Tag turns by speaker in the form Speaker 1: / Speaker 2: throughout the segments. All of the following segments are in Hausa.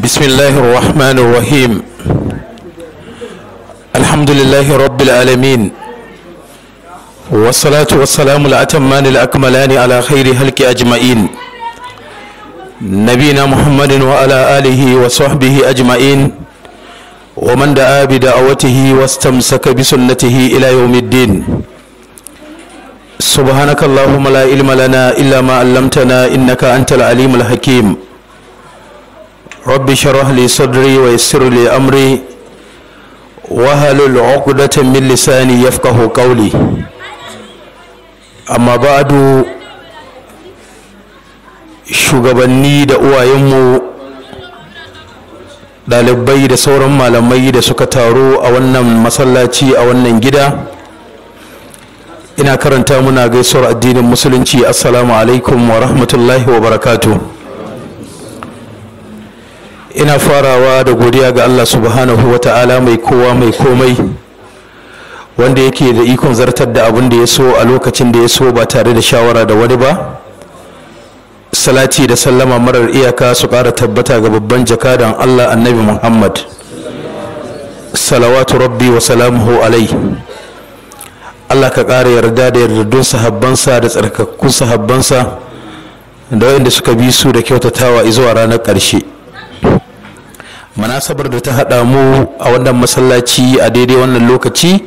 Speaker 1: بسم الله الرحمن الرحيم الحمد لله رب العالمين والصلاة والسلام الأتمان الأكملان على خير هلك أجمعين نبينا محمد وعلى آله وصحبه أجمعين ومن دعا بدعوته واستمسك بسنته إلى يوم الدين سبحانك اللهم لا علم لنا إلا ما علمتنا إنك أنت العليم الحكيم رب شرح لي صدري ويسر لي أمري وهل العقدة من لساني يفقه قولي أما بعد shugabanni da uwayenmu ɗalibai da sauran malamai da suka taru a wannan masallaci a wannan gida ina karanta muna gaisuwar addinin musulunci assalamu alaikum wa rahmatullahi wa barakatuh ina farawa da godiya ga Allah subhanahu wa ta'ala mai kowa mai komai wanda yake da ikon zartar da abin da ya so a lokacin da ya so ba tare da shawara da wani ba salati da sallama marar iyaka su kara tabbata ga babban jakadan Allah annabi Muhammad salawatu rabbi wa salamuhu alai Allah ka ƙara yarda da yardadun sahabbansa da tsarkakkun sahabbansa da waɗanda suka bi su da kyautatawa izuwa ranar ƙarshe munasabar da ta haɗa mu a wannan masallaci a daidai wannan lokaci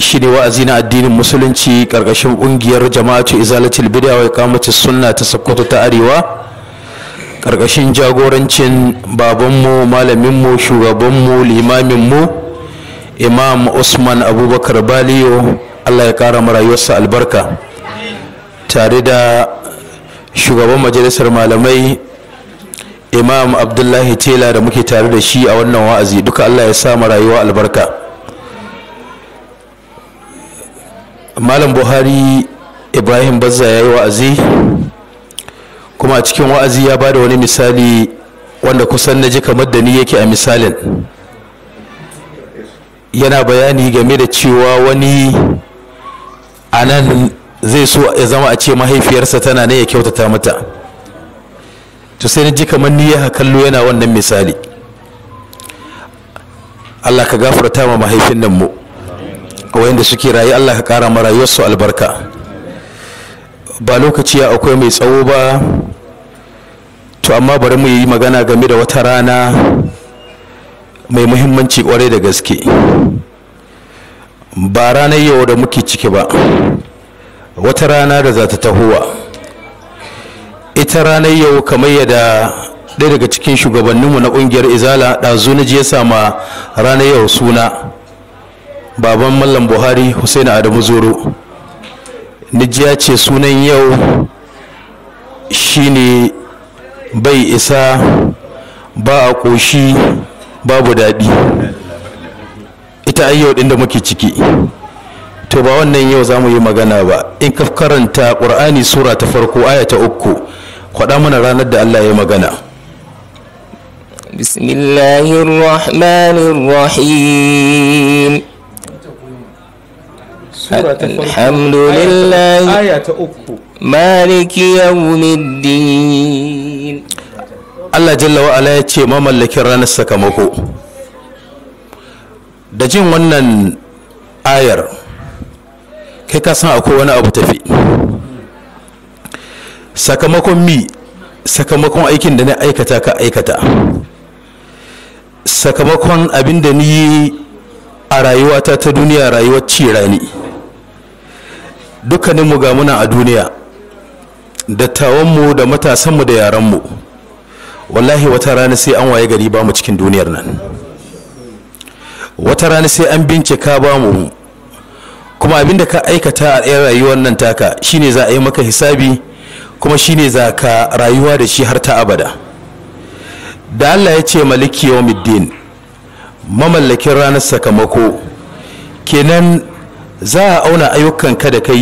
Speaker 1: shi ne wa'azi na addinin musulunci ƙarƙashin ƙungiyar jama'atu izalatul bid'a wa iqamati sunna ta sakkwato ta arewa ƙarƙashin jagorancin babanmu malaminmu shugabanmu limaminmu imam usman abubakar baliyo allah ya kara ƙara rayuwarsa albarka tare da shugaban majalisar malamai imam abdullahi tela da muke tare da shi a wannan wa'azi duka allah ya sa rayuwa albarka malam buhari ibrahim bazza ya yi wa'azi kuma a cikin wa'azi ya ba da wani misali wanda kusan na ji kamar da ni yake a misalin yana bayani game da cewa wani a zai so ya zama a ce mahaifiyarsa tana ne ya kyautata mata to sai na ji kamar ni ya kallo yana wannan misali Allah ka gafarta ma mahaifin nan mu wayanda suke rayu Allah ka kara ma rayuwarsu albarka ba lokaci ya akwai mai tsawo ba to amma bari mu yi magana game da wata rana mai muhimmanci kwarai da gaske ba ranar yau da muke ciki ba wata rana da za ta tahowa ita ranar yau kamar yadda ɗaya daga cikin shugabanninmu na ƙungiyar izala ɗazu na je sama ranar yau suna baban mallam buhari hussein adamu zoro nijiya ce sunan yau shine bai isa ba a ƙoshi babu daɗi ita yau ɗin da muke ciki to ba wannan yau za mu yi magana ba in ka karanta ƙur'ani sura ta farko aya ta uku kwaɗa mana ranar da Allah ya magana
Speaker 2: bismillahirrahmanirrahim alhamdulillah
Speaker 1: maliki yawmiddin Allah jalla wa ala ya ce mamallakin ranar sakamako da jin wannan ayar kai ka san akwai wani abu tafi sakamakon mi sakamakon aikin da na aikata ka aikata sakamakon abin da ni a rayuwata ta duniya rayuwar ci rani dukkaninmu ga muna a duniya dattawanmu da matasanmu da yaranmu wallahi wata rana sai an waye gari ba mu cikin duniyar nan wata rana sai an bincika ba mu kuma abin da ka aikata a rayuwar nan taka shine za a yi maka hisabi kuma shine za ka rayuwa da shi har ta abada da allah ya ce maliki yawmiddin mamallakin ranar sakamako kenan za a auna ayyukan ka da ka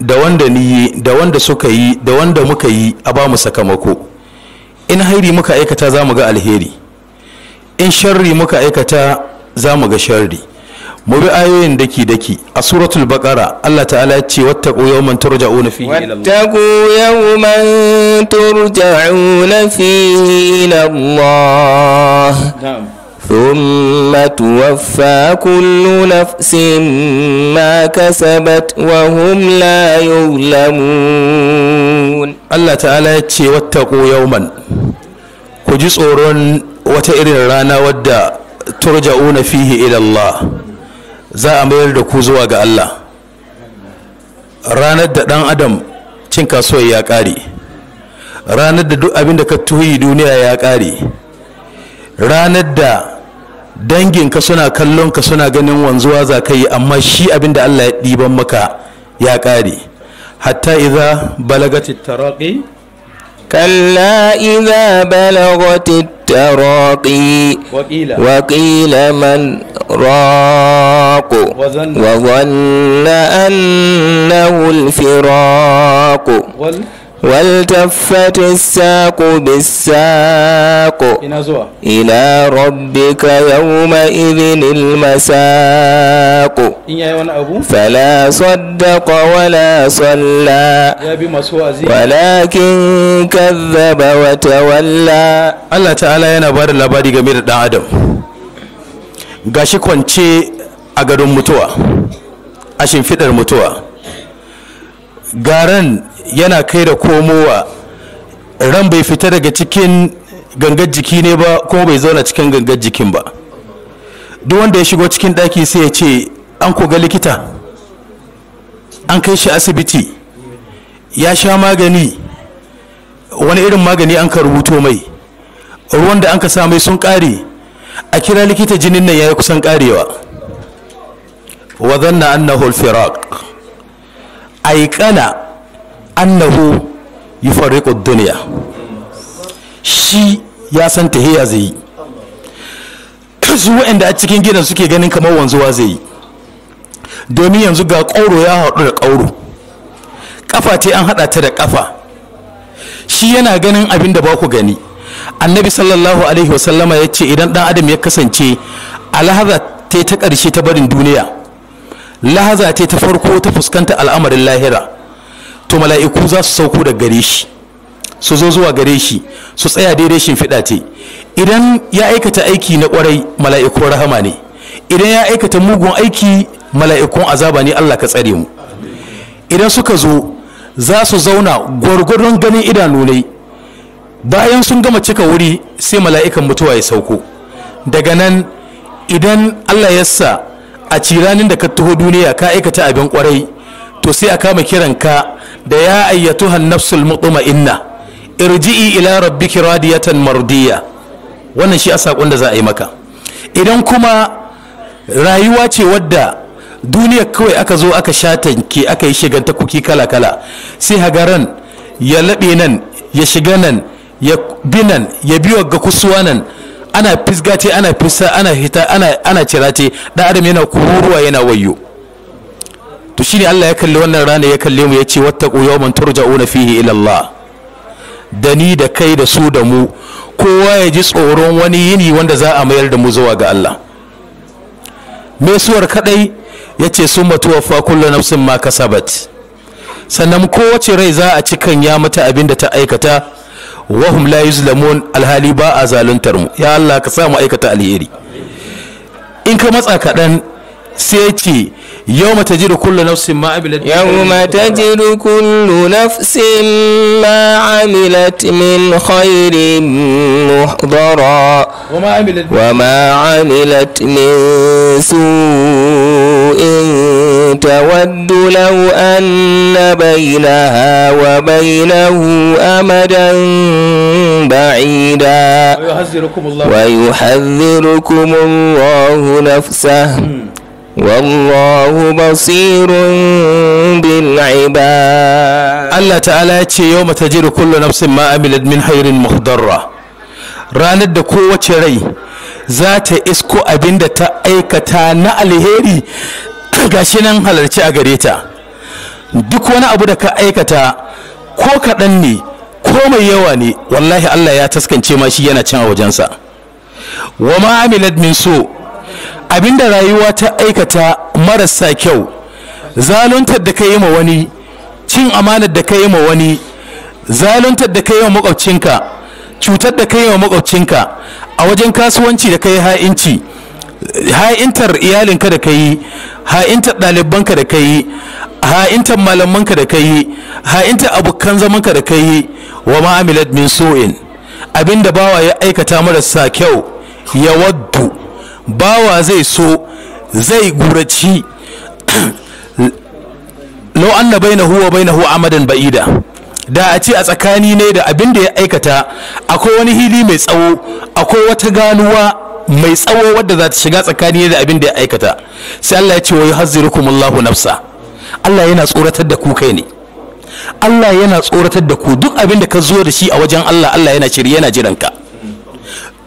Speaker 1: da wanda ni yi da wanda suka yi da wanda muka yi a ba mu sakamako in hairi muka aikata za mu ga alheri in sharri muka aikata za mu ga sharri mu bi ayoyin daki daki a suratul baqara Allah ta'ala ya ce wattaqu yawman turja'una fihi ila Allah wattaqu yawman turja'una
Speaker 2: fihi ila Allah ثم توفى كل نفس ما كسبت وهم
Speaker 1: لا يظلمون الله تعالى يتشي واتقوا يوما كجس أورون وتئر الرانا ودى ترجعون فيه إلى الله za a mayar da ku zuwa ga Allah ranar da ɗan adam cin kasuwar ya ƙare ranar da duk abin da ka tuhi duniya ya ƙare ranar da danginka suna kallon ka suna ganin wanzuwa za ka yi amma shi abin da Allah ya ɗiban maka ya ƙare hatta iza balagati taraqi كلا إذا بلغت التراقي وقيل, وقيل من
Speaker 2: راق وظن, وظن أنه الفراق وال والتفت الساق بالساق إلى ربك يومئذ المساق فلا صدق ولا صلى ولكن كذب وتولى
Speaker 1: الله تعالى yana bada labari game da ɗan adam gashi kwance a gadon mutuwa a shimfiɗar mutuwa garan yana kai da komowa ran bai fita daga cikin gangar jiki ne ba kuma bai zauna cikin gangar jikin ba duk wanda ya shigo cikin daki sai ya ce an ga likita an kai shi asibiti ya sha magani wani irin magani an ka rubuto mai ruwan da an ka sa mai sun kare. a kira likita jinin nan ya yi kusan karewa. wa zanna annahu al-firaq aikana annahu yufarriqu duniya shi ya san tahiya zai yi su waɗanda a cikin gidan suke ganin kamar wanzuwa zai yi domin yanzu ga ƙoro ya haɗu da ƙauro kafa ce an haɗa ta da kafa shi yana ganin abin da ba ku gani annabi sallallahu alaihi wasallama ya ce idan ɗan adam ya kasance a lahaza ta ta ƙarshe ta barin duniya lahaza ta ta farko ta fuskanta al'amarin lahira to mala'iku za su sauko da gare shi su zo zuwa gare shi su tsaya daidai fida ce idan ya aikata aiki na kwarai mala'ikun rahama ne idan ya aikata mugun aiki mala'ikun azaba ne allah ka tsare mu idan suka zo za su zauna gwargwadon ganin idanu ne bayan sun gama cika wuri sai mala'ikan mutuwa ya sauko daga nan idan allah ya sa a ciranin da ka taho duniya ka aikata abin kwarai to sai a kama kiran ka da ya ayyatuhan nafsul inna irji'i ila rabbiki radiyatan mardiya wannan shi a saƙon da za a yi maka idan kuma rayuwa ce wadda duniya kawai aka zo aka ke aka yi ta kuki kala kala sai hagaran ya laɓe nan ya shiga nan ya bi nan ya biyo ga kusuwa nan ana fisgace ana fisa ana hita ana cira ce ɗan adam yana kururuwa yana wayo to shine Allah ya kalli wannan rana ya kalle mu ya ce wattaqu yawman turja'una fihi ila Allah da ni da kai da su da mu kowa ya ji tsoron wani yini wanda za a mayar da mu zuwa ga Allah me suwar kadai ya ce sun matuwafa kullu nafsin ma kasabat sannan kowace rai za a cikan ya mata abin da ta aikata wahum la yuzlamun alhali ba a zaluntar mu ya Allah ka sa mu aikata alheri in ka matsa kaɗan سيتي يوم تجد كل نفس ما عملت يوم
Speaker 2: تجد كل نفس ما عملت من خير محضرا وما عملت, وما عملت من سوء تود لو أن بينها وبينه أمدا بعيدا ويحذركم الله, ويحذركم الله
Speaker 1: نفسه والله بصير بالعباد الله تعالى يتشي يوم تجد كل نفس ما عملت من خير مخضرة ranar da kowace rai za ta isko abin da ta aikata na alheri gashi nan halarci a gare ta duk wani abu da ka aikata ko kaɗan ne ko mai yawa ne wallahi allah ya taskance ma shi yana can a wajensa wa ma min so abinda rayuwa ta aikata marasa kyau zaluntar da ka yi ma wani cin amanar da ka yi ma wani zaluntar da ka yi wa makwabcinka cutar da ka yi wa makwabcinka a wajen kasuwanci da ka yi ha'inci ha'intar iyalinka da ka yi ha'intar ɗalibanka da ka yi ha'intar malamanka da ka yi ha'intar abokan zamanka da ka yi wa ma'amilat min su'in abinda bawa ya aikata marasa kyau ya waddu bawa zai so zai guraci lau anna bainahu huwa amadan ba'ida da a ce a tsakani ne da abin da ya aikata akwai wani hili mai tsawo akwai wata ganuwa mai tsawo wadda za ta shiga tsakani ne da abin da ya aikata sai Allah ya ce wa kumallahu nafsa Allah yana tsoratar da ku kai ne Allah yana tsoratar da ku duk abin da ka zo da shi a wajen Allah Allah yana shirye yana jiranka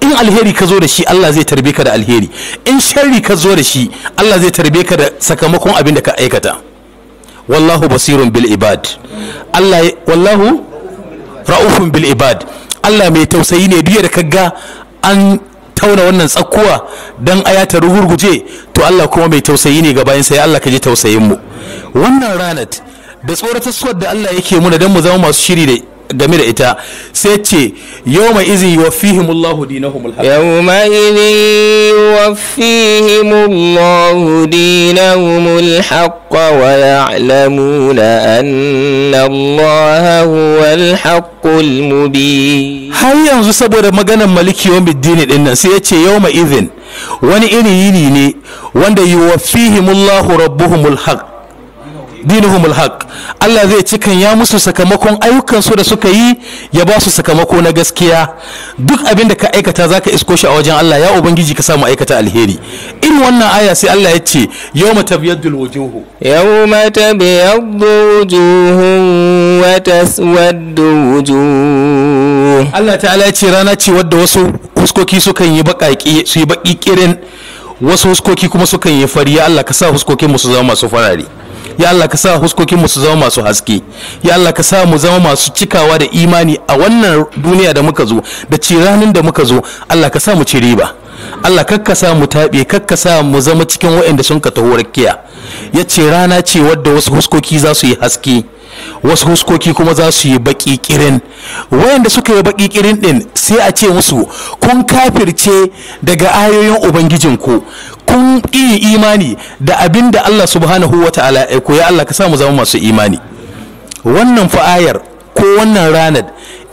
Speaker 1: in alheri ka zo da shi Allah zai tarbe ka da alheri in shari ka zo da shi Allah zai tarbe ka da sakamakon abin da ka aikata wallahu basirun bil ibad Allah wallahu ra'ufun bil ibad Allah mai tausayi ne duk da kaga an tauna wannan tsakkuwa dan aya ta ruhurguje to Allah kuma mai tausayi ne ga bayan sai Allah ka ji tausayin mu wannan ranat da tsoratar suwar da Allah yake muna dan mu zama masu shiri da game da ita sai ce yau mai izin yi wa fihimullahu dinahumul haq yau mai izi yi wa
Speaker 2: fihimullahu dinahumul haq wa ya'lamuna
Speaker 1: anna Allah huwal haqqul mubin har yanzu saboda maganar maliki wa biddini din nan sai yace ce yau mai izin wani iri yini ne wanda yi wa fihimullahu rabbuhumul haq dinuhumul haq Allah zai ci kan ya musu sakamakon ayyukansu da suka yi ya ba su sakamako na gaskiya duk abin da ka aikata zaka isko shi a wajen Allah ya ubangiji ka samu aikata alheri In wannan aya sai Allah ya ce yawma tabyaddul wujuhu
Speaker 2: yawma tabyaddu
Speaker 1: wujuhun wa taswaddu wujuh Allah ta'ala ya ce rana ce wadda wasu fuskoki sukan yi baƙaƙi su yi baƙi kirin wasu huskoki kuma sukan yi fari ya Allah ka sa huskokin mu su zama masu farare ya Allah ka sa huskokin mu su zama masu haske ya Allah ka sa mu zama masu cikawa da imani a wannan duniya da muka zo da ranin da muka zo Allah ka sa mu ci riba Allah kakka sa mu taɓe kakka sa mu zama cikin waɗanda sun ka taho rakiya ya ce rana ce wadda wasu huskoki za su yi haske wasu huskoki kuma za su yi baki kirin wayanda suka yi baƙi ƙirin ɗin sai a ce musu kun kafirce daga ayoyin ubangijinku kun ƙi imani da abin da Allah subhanahu wa ta'ala ko ya Allah ka samu zama masu imani wannan fa'ayar ko wannan ranar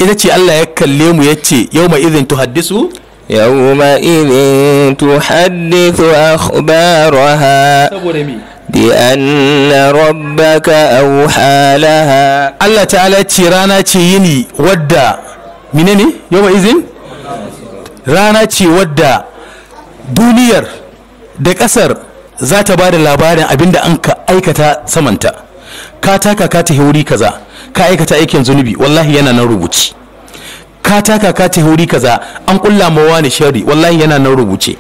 Speaker 1: ita ce Allah ya kalle mu ya ce yau mai izin tuhaddisu yau ma izin tuhaddisu
Speaker 2: akhbaraha
Speaker 1: saboda me
Speaker 2: بأن ربك أوحى لها
Speaker 1: الله تعالى ترانا تيني ودا منني يوم da ƙasar zata ba da labarin abin da an ka aikata samanta ka taka ka tahi wuri kaza ka aikata aikin zunubi wallahi yana nan rubuci ka taka ka ce huri kaza an kulla ma wani shari wallahi yana nan rubuce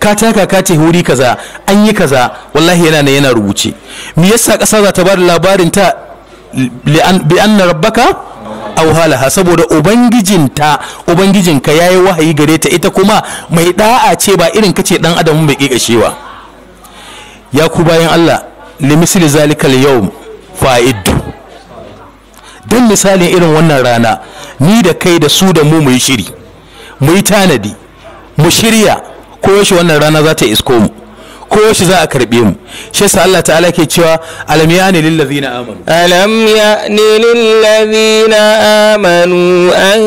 Speaker 1: ka taka ka ce huri kaza an yi kaza wallahi yana nan yana rubuce me yasa ƙasa za ta bada labarin ta bi anna rabbaka auhalaha saboda ubangijinta ubangijinka yayi wahayi gare ta ita kuma mai da'a ce ba irin kace dan adam bai kikashewa ya ku bayan Allah limisli zalikal yawm fa'id. don misalin irin wannan rana ni da kai da su da mu mu yi shiri mu yi tanadi mu shirya ko yaushe wannan rana za ta isko mu ko yaushe za a karbe mu shi yasa Allah ta'ala ke cewa alam ya ne lillazina amanu alam
Speaker 2: ya ne lillazina amanu an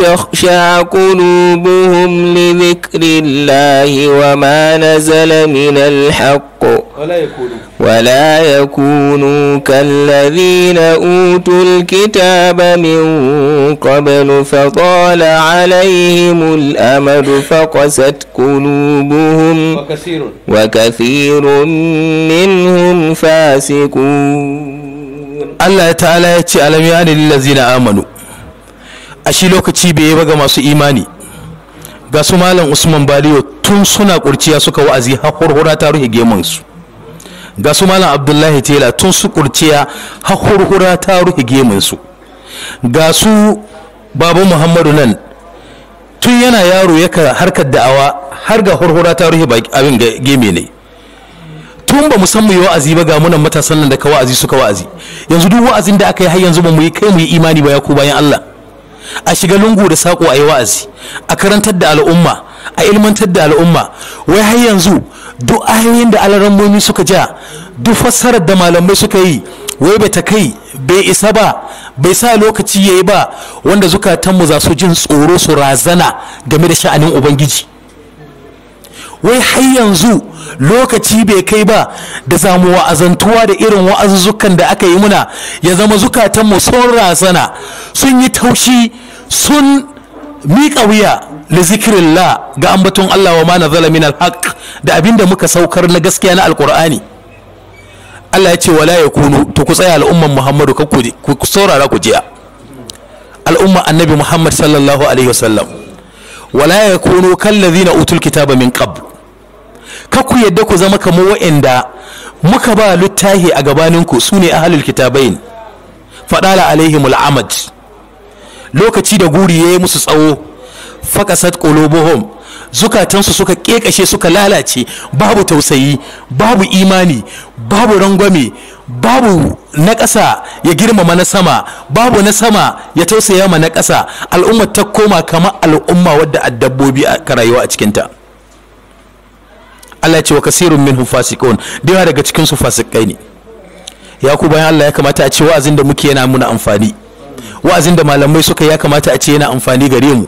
Speaker 2: takhsha qulubuhum li dhikrillahi wa ma nazala min al-haqq ولا يكونوا كالذين أوتوا الكتاب من قبل فطال عليهم الأمد فقست قلوبهم
Speaker 1: وكثير منهم فاسقون الله تعالى يتعلم يعني للذين آمنوا أشي لوكتي بيبقى ما سو إيماني ga su malam usman baliyo tun suna kurciya suka wa'azi har ta ruhe gemansu ga su malam abdullahi tela tun su kurciya hahurhura ta rufe geminsu ga su babu muhammadu nan tun yana yaro yaka harkar da'awa har ga hurhura ta rufe abin gemi ne tun ba mu yi wa'azi ba ga munan matasan nan da ka wa'azi suka wa'azi yanzu duk wa'azin da aka yi har yanzu ba mu yi kai mu yi imani ba ya ku bayan Allah a shiga lungu da sako a yi wa'azi a karantar da al'umma a ilmantar da al'umma wai har yanzu duk ayoyin da alarammomi suka ja duk fassarar da malamai suka yi wai bai ta kai bai isa ba bai sa lokaci ya yi ba wanda zukatanmu za su jin tsoro su razana game da sha'anin ubangiji wai har yanzu lokaci bai kai ba da zamu wa'azantuwa da irin wa'azuzzukan da aka yi muna ya zama zukatanmu sun razana sun yi taushi sun miƙa wuya li zikrillah ga ambaton Allah wa ma nazala min alhaq da abinda muka saukar na gaskiya na alqur'ani Allah ya ce wala yakunu to ku tsaya al'umman Muhammadu ka ku saurara ku jiya al'umma annabi Muhammad sallallahu alaihi wasallam wala yakunu ladina utul kitaba min qabl ka ku yadda ku zama kamar wa'anda muka ba littahi a gabaninku su ne ahlul kitabain fadala alaihimul amad lokaci da guri yayi musu tsawo faƙasat qulubuhum zukatansu suka ƙeƙashe suka lalace babu tausayi babu imani babu rangwame babu na ƙasa ya girmama na sama babu na sama ya tausaya ma na ƙasa al'ummar ta koma kama al'umma wadda addabbobi ka rayuwa a cikinta Allah ya ce wa kasirun minhum fasiqun da daga cikin su fasikai ne ya ku bayan Allah ya kamata a ce wa'azin da muke yana muna amfani wa'azin da malamai suka ya kamata a ce yana amfani gare mu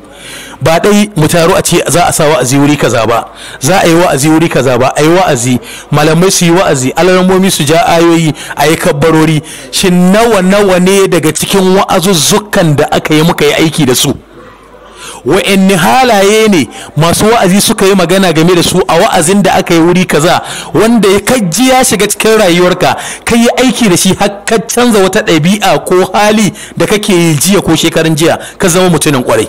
Speaker 1: ba dai mu taro a ce za a sa wa'azi wuri kaza ba za a yi wa'azi wuri kaza ba a yi wa'azi malamai su yi wa'azi alamomi su ja ayoyi a yi kabbarori shin nawa nawa ne daga cikin wa'azuzzukan da aka yi muka yi aiki da su wa'anne halaye ne masu wa'azi suka yi magana game da su a wa'azin da aka yi wuri kaza wanda ya kajji ya shiga cikin rayuwarka ka yi aiki da shi har ka canza wata ɗabi'a ko hali da kake yi jiya ko shekarun jiya ka zama mutumin kwarai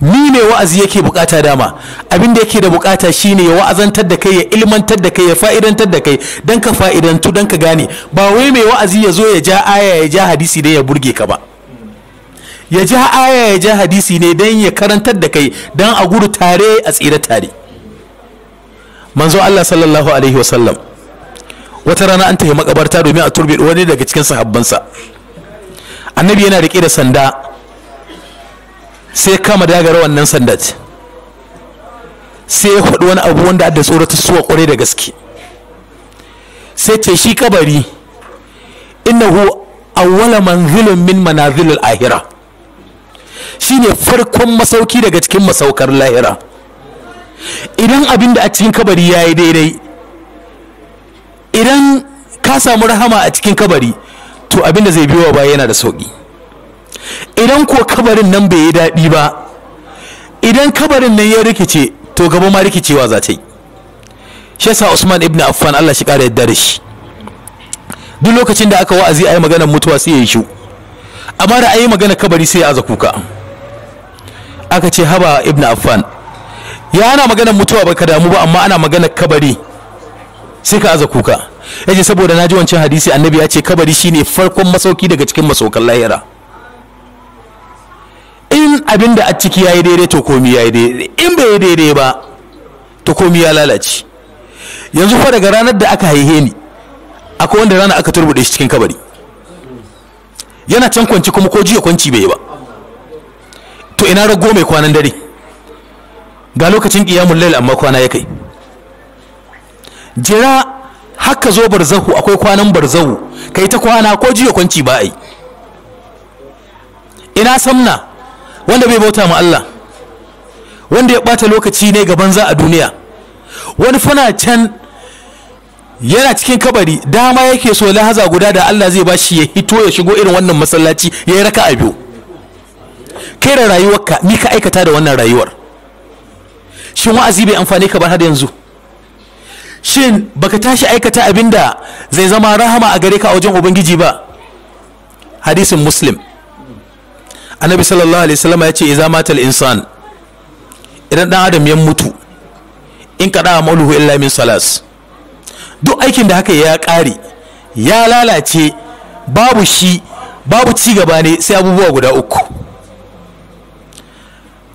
Speaker 1: ni ne wa'azi yake bukata dama abin da yake da bukata shine ya wa'azantar da kai ya ilmantar da kai ya fa'idantar da kai dan ka fa'idantu dan ka gane ba wai mai wa'azi ya zo ya ja aya ya ja hadisi dai ya burge ka ba ya ja aya ya ja hadisi ne don ya karantar da kai don a gudu tare a tsira tare manzo Allah sallallahu alaihi wasallam wata rana an tafi makabarta domin a turbe wani daga cikin sahabbansa annabi yana riƙe da sanda sai kama rawan wannan sanda sai ya faɗi wani abu wanda da tsorata suwa kwarai da gaske sai ce shi kabari innahu awwala manzilin min manazilul ahira shine farkon masauki daga cikin masaukar lahira idan abin da a cikin kabari ya yi daidai idan ka samu rahama a cikin kabari to abin da zai biyo ba yana da sauƙi idan ko kabarin nan bai yi daɗi ba idan kabarin nan ya rikice to gaba ma rikicewa za ta yi shi yasa Usman ibn Affan Allah shi ƙara yadda da shi duk lokacin da aka wa'azi a yi maganar mutuwa sai ya yi shu amma da a yi magana kabari sai ya aza kuka aka ce haba ibn affan ya ana maganar mutuwa ba ka damu ba amma ana maganar kabari sai ka aza kuka yace saboda na naji wancan hadisi annabi ya ce kabari shine farkon masauki daga cikin masaukan lahira in abin a ciki yayi daidai to komi yayi daidai in bai daidai ba to komi ya lalace yanzu fa daga ranar da aka haihe ni akwai wanda rana aka turbude shi cikin kabari yana can kwanci kuma ko jiya kwanci bai yi ba ina rago mai kwanan dare ga lokacin ƙiyamun lail amma kwana ya kai jira haka zo barzahu akwai kwanan barzahu kai ta kwana ko jiya kwanci ba ai ina samna wanda bai bauta ma Allah wanda ya bata lokaci ne ga banza a duniya wani fana can yana cikin kabari dama yake so lahaza guda da Allah zai bashi ya hito ya shigo irin wannan masallaci ya yi raka a biyu kai da rayuwarka ni ka aikata da wannan rayuwar shin wa'azi bai amfani ka bar har yanzu shin baka tashi aikata abinda zai zama rahama a gare ka a wajen ubangiji ba hadisin muslim annabi sallallahu alaihi wasallam ya ce idza matal insan idan dan adam ya mutu in kada amaluhu illa min salas duk aikin da haka ya kare ya lalace babu shi babu ci gaba ne sai abubuwa guda uku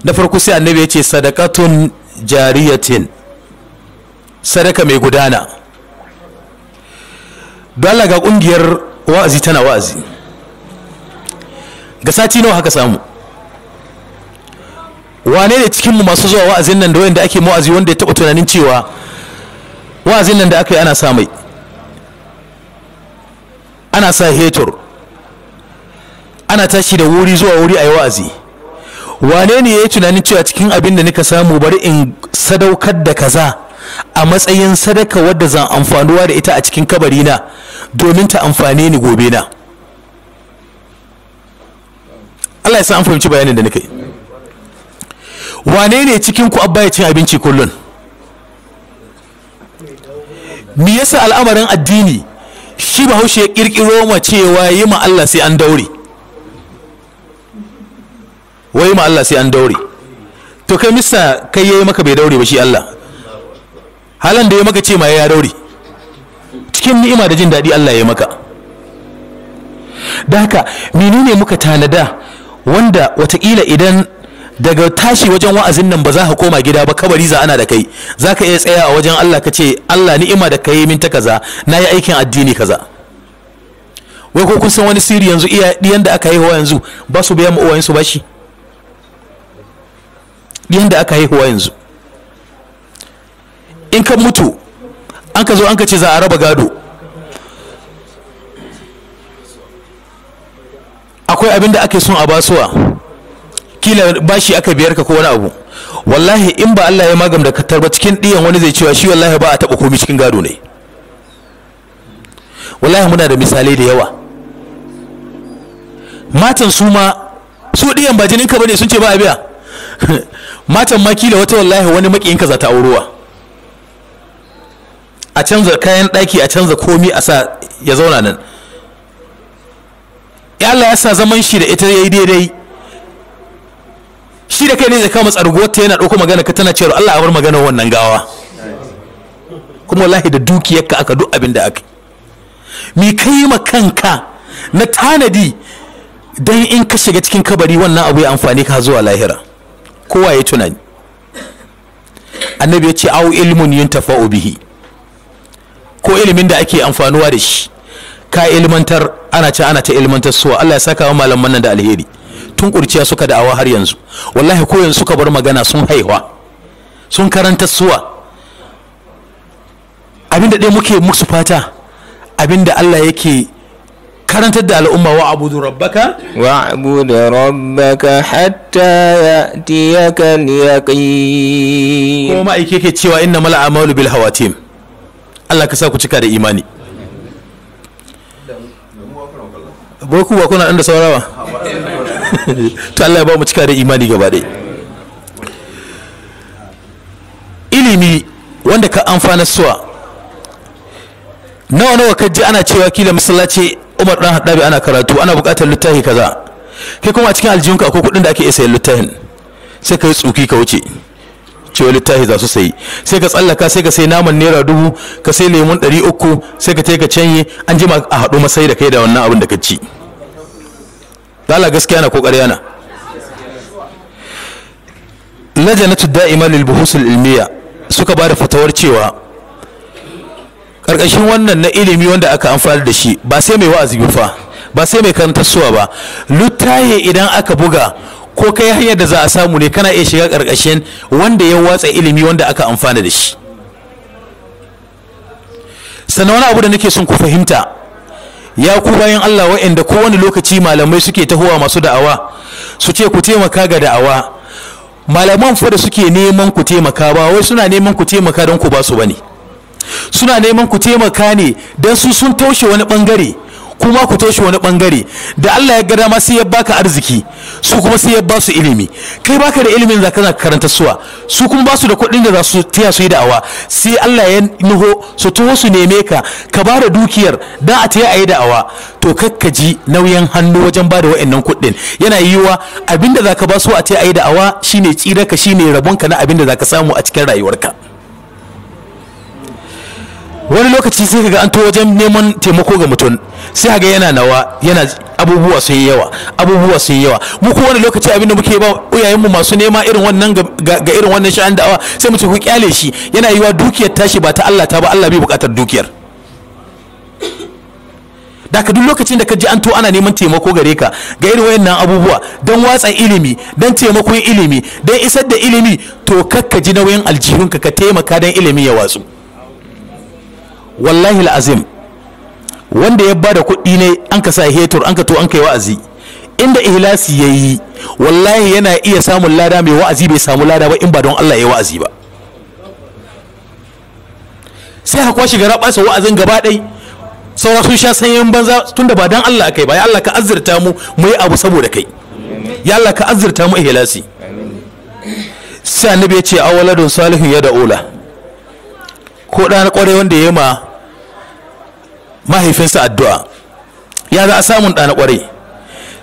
Speaker 1: na farko sai annabi ya ce sadakatun jariyatin sadaka mai gudana dole ga kungiyar wa'azi tana wa'azi ga sati nawa haka samu wane ne cikinmu masu zuwa wa'azin nan da wanda ake wa'azi wanda ya taɓa tunanin cewa wa'azin nan da aka yi ana sa mai ana sa hetur ana tashi da wuri zuwa wuri a yi wa'azi wane ne ya yi tunanin cewa cikin abin da nika samu bari in sadaukar da kaza a matsayin sadaka wadda zan amfanuwa da ita a cikin kabarina domin ta amfane ni gobe na Allah ya sa an fahimci bayanin da nika yi wane ne cikin ku abba ya cin abinci kullun me yasa al'amarin addini shi bahaushe ya kirkiro ma cewa yi ma Allah sai an daure wai ma Allah sai an daure to kai mista kai yayi maka bai daure ba shi Allah halan da ya maka ce ma ya daure cikin ni'ima da jin daɗi Allah ya maka da haka menene muka tanada wanda watakila idan daga tashi wajen wa'azin nan ba za ka koma gida ba kabari za ana da kai za ka iya tsaya a wajen Allah ka ce Allah ni'ima da kai min ta kaza na yi aikin addini kaza wai ko kun san wani sirri yanzu iya diyan da aka yi haihuwa yanzu ba su biya ma ba shi yadda aka haihuwa yanzu in ka mutu an ka zo an ka ce za a raba gado akwai abin da ake son a basuwa kila bashi aka biyar ka ko wani abu wallahi in ba Allah ya magam da ka tarba cikin ɗiyan wani zai cewa shi wallahi ba a taɓa komi cikin gado ne wallahi muna da misalai da yawa matan su ma su ɗiyan ba jinin ka bane sun ce ba a biya matan maki da wata wallahi wani makiyinka za ta auruwa a canza kayan daki a canza komi a sa ya zauna nan ya Allah ya sa zaman shi da ita yayi daidai shi da kai ne zai kama ta yana dauko magana ka tana cewa Allah a bar magana wannan gawa kuma wallahi da dukiyarka aka duk abin da aka mi kai ma kanka na tanadi dan in ka shiga cikin kabari wannan abu ya amfani ka zuwa lahira kowa ya tunani annabi ya ce au ilmun tafa'u bihi ko ilimin da ake amfanuwa da shi ka ilmantar ana ce ana ta ilmantar suwa Allah ya saka wa malaman nan da alheri tun kurciya suka da'awa har yanzu wallahi ko yanzu suka bar magana sun haihuwa sun karanta suwa abinda dai muke musu fata abinda Allah yake karantar da al'umma wa abudu rabbaka
Speaker 2: wa abudu rabbaka hatta ya'tiyaka al-yaqin
Speaker 1: kuma ma'aike ke cewa inna mal amalu bil hawatim Allah ka sa ku cika da imani boku ba kuna da saurawa to Allah ya ba mu cika da imani gaba dai ilimi wanda ka amfana suwa nawa nawa ka ana cewa kila masallaci Umar dan Haddabi ana karatu ana buƙatar littafi kaza kai kuma a cikin aljihunka akwai kuɗin da ake iya sayan littafin sai ka yi tsuki ka wuce cewa littafi za su sayi sai ka tsallaka sai ka sai naman naira dubu ka sai lemun ɗari uku sai ka ka canye an jima a haɗu masai da kai da wannan abin da ka ci lala gaskiya na ko ƙarya na lajanatu da'ima lil buhusul ilmiya suka ba da fatawar cewa karkashin wannan na ilimi wanda aka amfani da shi ba sai mai wa'azi ba fa ba sai mai karanta suwa ba lutaye idan aka buga ko kai hanyar da za a samu ne kana iya shiga karkashin wanda ya watsa ilimi wanda aka amfana da shi sannan wani abu da nake son ku fahimta ya ku bayan Allah wa'anda kowane lokaci malamai suke tahowa masu da'awa su ce ku taimaka ga da'awa malaman fa da suke neman ku taimaka ba wai suna neman ku taimaka don ku ba su bane suna neman ku taimaka ne don su sun taushe wani bangare kuma ku taushe wani bangare da Allah ya ga dama sai ya baka arziki su kuma sai ya ba su ilimi kai baka da ilimin za na karanta suwa su kuma ba su da kuɗin da za su taya su yi da'awa sai Allah ya niho su taho su neme ka ka ba da dukiyar da a taya a yi da'awa to kakka ji nauyin hannu wajen ba da wa'annan kuɗin yana yiwuwa abinda za ka ba su a taya a yi da'awa shine tsiraka shine rabonka na abinda za ka samu a cikin rayuwarka. wani lokaci sai kaga an to wajen neman taimako ga mutum sai kaga yana nawa yana abubuwa sun yi yawa abubuwa sun yi yawa mu ko wani lokaci abin da muke ba uyayen mu masu nema irin wannan ga irin wannan sha'an da'awa sai mu ce ku kyale shi yana yiwa dukiyar tashi ba ta Allah ta ba Allah bai bukatar dukiyar da ka duk lokacin da ka ji an to ana neman taimako gare ka ga irin wayannan abubuwa don watsa ilimi don taimakon ilimi don isar da ilimi to kakka ji nauyin aljihunka ka taimaka don ilimi ya watsu wallahi azim wanda ya bada kuɗi ne an ka sa hetur an ka to an kai wa'azi inda ihlasi ya yi wallahi yana iya samun lada mai wa'azi bai samu lada ba in ba don Allah ya wa'azi ba sai ha kwashi gara ɓasa wa'azin gaba ɗai saura sun sha sanyin banza tunda ba don Allah kai ba ya Allah ka azurta mu mu yi abu saboda kai ya Allah ka azurta mu ihlasi sai annabi ya ce awaladun salihun ya da ko ɗan ƙwarai wanda ya yi ma mahaifinsa addu'a ya za a samun ɗan ƙwarai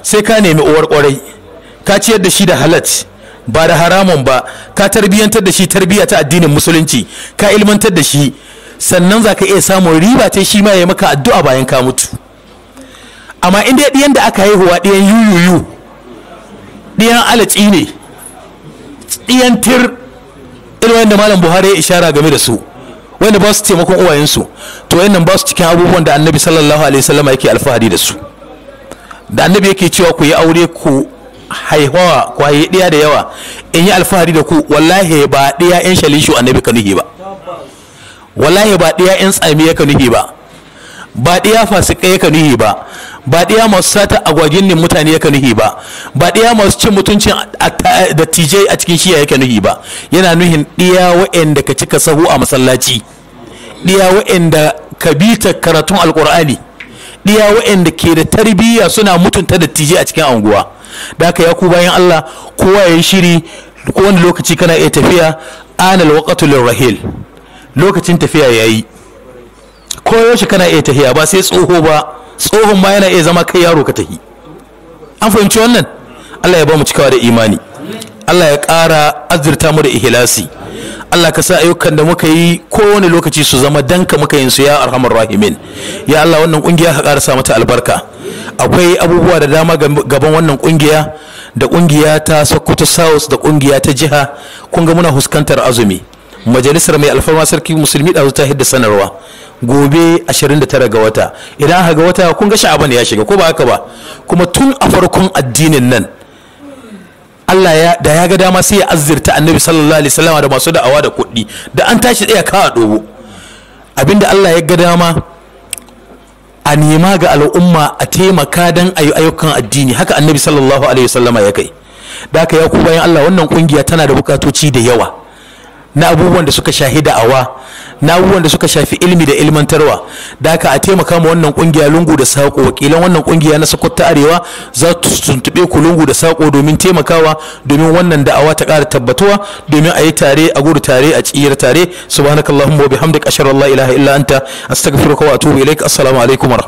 Speaker 1: sai ka nemi uwar ƙwarai ka ciyar da shi da halat ba da haramun ba ka tarbiyyantar da shi tarbiyya ta addinin musulunci ka ilmantar da shi sannan za ka iya samun riba ta shi ma ya maka addu'a bayan ka mutu amma inda dai da aka haihuwa ɗiyan yuyuyu ɗiyan alaci ne ɗiyan tir irin da malam buhari ya ishara game da su wanda ba su taimakon uwayensu to nan ba su cikin abubuwan da annabi sallallahu alaihi wasallam yake alfahari da su da annabi yake cewa ku yi aure ku haihuwa ku haihi ɗaya da yawa in yi alfahari da ku wallahi ba ɗaya in shalishu annabi ka nuhi ba wallahi ba ɗaya in tsami ya ka nuhi ba ba ɗiya fasika yaka nuhi ba ba ɗiya masu sata agwagin ne mutane yaka nuhi ba ba ɗiya masu cin mutuncin da a cikin shiya yaka nuhi ba yana nuhin ɗiya wa'anda ka cika sahu a masallaci ɗiya wa'anda ka bi ta karatun alƙur'ani ɗiya wa'anda ke da tarbiyya suna mutunta da a cikin anguwa da haka ya ku bayan Allah kowa ya yi shiri kowane lokaci kana iya tafiya anal waqatul rahil lokacin tafiya ya yi. koyo shi kana iya tahiya ba sai tsoho ba tsohon ma yana iya zama kai yaro ka tahi an fahimci wannan Allah ya ba mu cikawa da imani Allah ya ƙara azurta mu da ihlasi Allah ka sa ayyukan da muka yi kowane lokaci su zama danka muka yin su ya arhamar rahimin ya Allah wannan kungiya ka ƙara sa mata albarka akwai abubuwa da dama gaban wannan kungiya da kungiya ta Sokoto South da kungiya ta jiha kun ga muna fuskantar azumi majalisar mai alfarma sarki musulmi da ta hidda sanarwa gobe 29 ga wata idan aka ga wata kun ga sha'aban ya shiga ko ba haka ba kuma tun a farkon addinin nan Allah ya da ya ga dama sai ya azzirta annabi sallallahu alaihi wasallam da masu da'awa da kuɗi da an tashi tsaya kawa dogo abinda Allah ya ga dama a nema ga al'umma a taimaka don a yi ayyukan addini haka annabi sallallahu alaihi wasallama ya kai da aka ya ku bayan Allah wannan kungiya tana da bukatoci da yawa na abubuwan da suka shahi da'awa na abubuwan da suka shafi ilimi da ilmantarwa da aka a taimaka ma wannan kungiya lungu da sako wakilan wannan kungiya na sokoto arewa za su tuntube ku lungu da sako domin taimakawa domin wannan da'awa ta kara tabbatuwa domin a yi tare a gudu tare a tsira tare subhanakallahumma wa bihamdika ashhadu an la ilaha illa anta astaghfiruka wa atubu ilaik assalamu alaikum